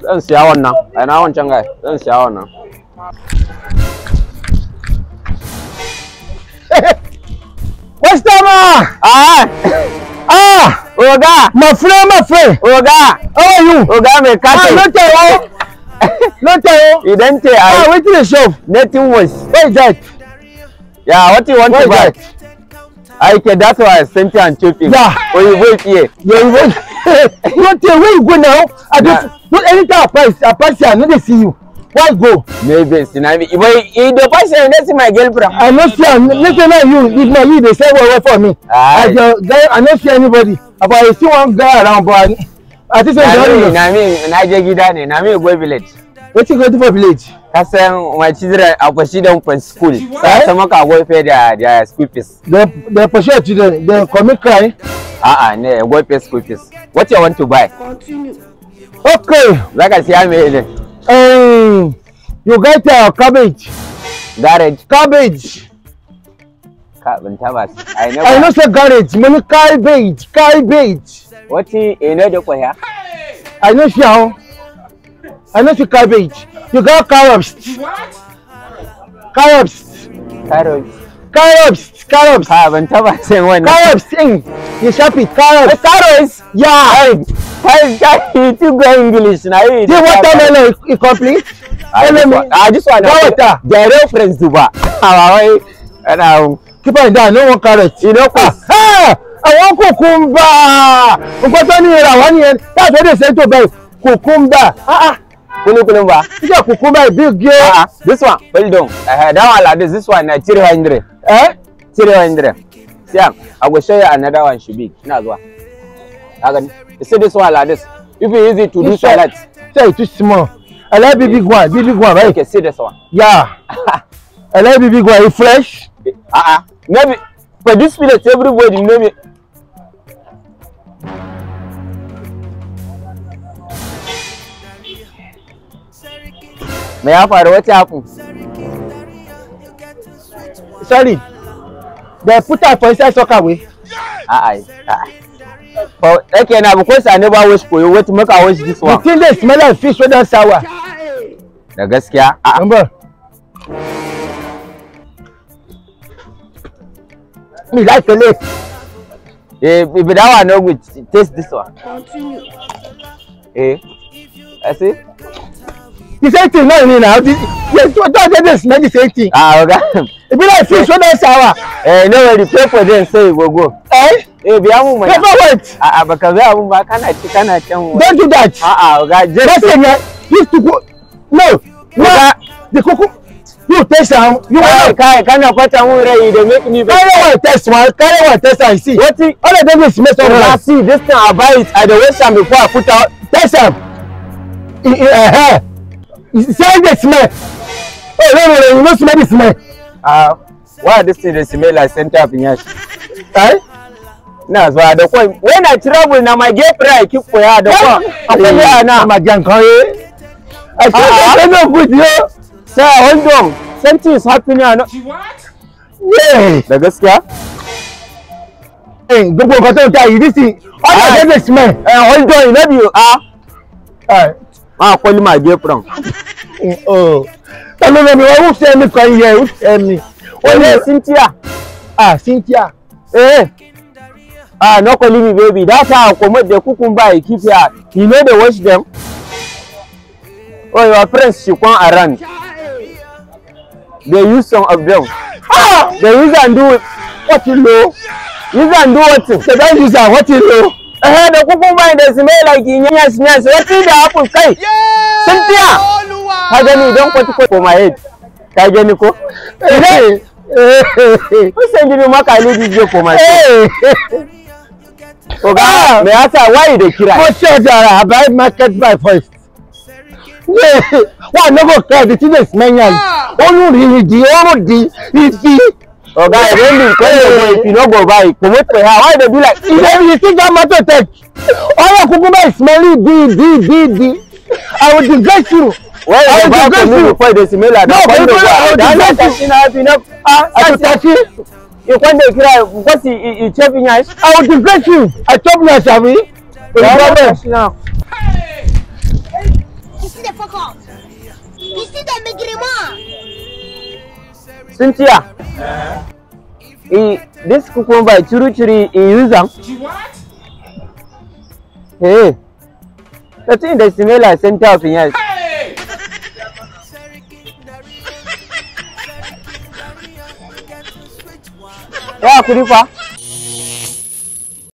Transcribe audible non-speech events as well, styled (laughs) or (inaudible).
zan siya wannan (laughs) ah ah oga my friend my friend oga how are you oga mai kata ah no tell you no tell you idan (laughs) te ah wetin dey shop nothing what is that yeah what you want to buy Okay, that's why I sent you and choking. Yeah. Or you wait here. you wait. (laughs) Not here. Where you go now? I just. Yeah. Not anytime I pass. I pass here. I know they see you. Why go? Maybe it's not me. But if the person see my girlfriend. I not see. Listen, not you. If my you, they say what for me. I don't. I not see anybody. But I see one guy around, but I think so. Na me, na me, na jegi dani. Na me go wetin go do for village. ka san my children i pursue them from school sai ta maka go pay their their school fees. they they pursue your children they commit crime. ah ah ne go pay school fees what you want to buy. okay. Like I say, I'm here. Eh, you get uh, cabbage. garage. cabbage. carbon tabas. I know. I know say garage. Money cabbage, cabbage. What in you know for here? I know she how. I know see cabbage. You got carrots. What? Carrots. Carrots. Carrots. Carrots. Ah, ban taba sayan Carrots din. You sharp it. Carrots. Carrots. Yeah. Carrots. You too go English now. you. See watermelon you complete? I just want water. are real friends do ba. Awai. And um. Keep on down. No more carrots. You know what? Ah! Àwọn kòkúmbà! Nǹkan tó ní ìràwọ̀ nìyẹn, táà tó dé sẹ́ńtò bẹ́ẹ̀, kòkúmbà! Ah ah! kulu kulun ba ita ku big ye uh this one well done eh that one like this this one na 300 eh 300 siam i will show you another one should be ina zuwa kaga you see this one like this if you easy to do salad say too small i like big one big big one right okay see this one yeah (laughs) i like big one it fresh ah uh ah -uh. maybe for this village everybody know me Me ya faru what happened? Sorry. They put her for inside soccer way. Aye. Aye. For okay now because I never wash for you wait make I wash this one. The thing they smell like fish when sour. Da gaskiya. ah, Number. Ah. Me like the lake. Eh, if that one no good, taste this one. Continue. Eh, I see the same thing now, náà ni na the don't do this. na the same thing. ah oga. e be like fish wey don sour. eh no worry pay for them say you go go. eh. eh biya mu mana. pay for what. ah ah baka biya mu ba kana ci kana can. Don't do that. ah ah oga just. just say na this to go no. no. the koko you test am you wan know kai kana kwata mu rai dey make me better carry one test one carry one test and see wetin all of them dey mess up na see this thing i buy it i dey waste am before i put out test am e e Say they smell. Hey, no, no, no, you no smell the smell. Uh, why this thing they smell like center of Nyash? Eh? No, That's why the point. When I travel, now my gay prayer, I keep for her. The point. I say, yeah, now. My jankoi. I say, I'm not good, yo. Sir, hold on. Something is happening. What? Yeah. The gaskiya? Hey, eh, gbogbo nǹkan tó ń ta yìí, this ah. is. All the businessmen. Hold on, you know you are. All right. I'll call you my dear friend. Oh. Hello, Remy. Why won't you me come here? Who's Remy? Oh, Cynthia. Ah, Cynthia. Eh. Ah, no calling me, baby. That's how I commit the cucumber. Keep here. You know they watch them. Oh, your friends, she come around. They use some of them. Ah! They use and do it. What you know? Use and do what? They don't use and what you know? eh da kukumba da simela ki nyas nyas wati da apple kai sun tiya ka gani don kwati ko my head you ka gani ko eh kusan gibi maka aliji je ko ma Oga, ah! me yasa why you dey kira? Ko ce I buy market by first. Yeah, why no go cry the thing is menyan. Onu ri di, onu di, ifi oga i don mean question but if you no go buy promote for her why you dey do like you dey you see that motor tech oyo kukuma is smelly di di di di i will disgrace you well i will disgrace you before you dey smell like that no but you know ah, i will disgrace you na if you no ah sasi you come dey cry because you you chop in your eyes i will disgrace you i chop in your sabi no problem. Cynthia. Yeah. Uh-huh. He, this cucumber, churu churu, he use them. Hey. The thing they smell like center of yes. Hey! yeah, Kurifa.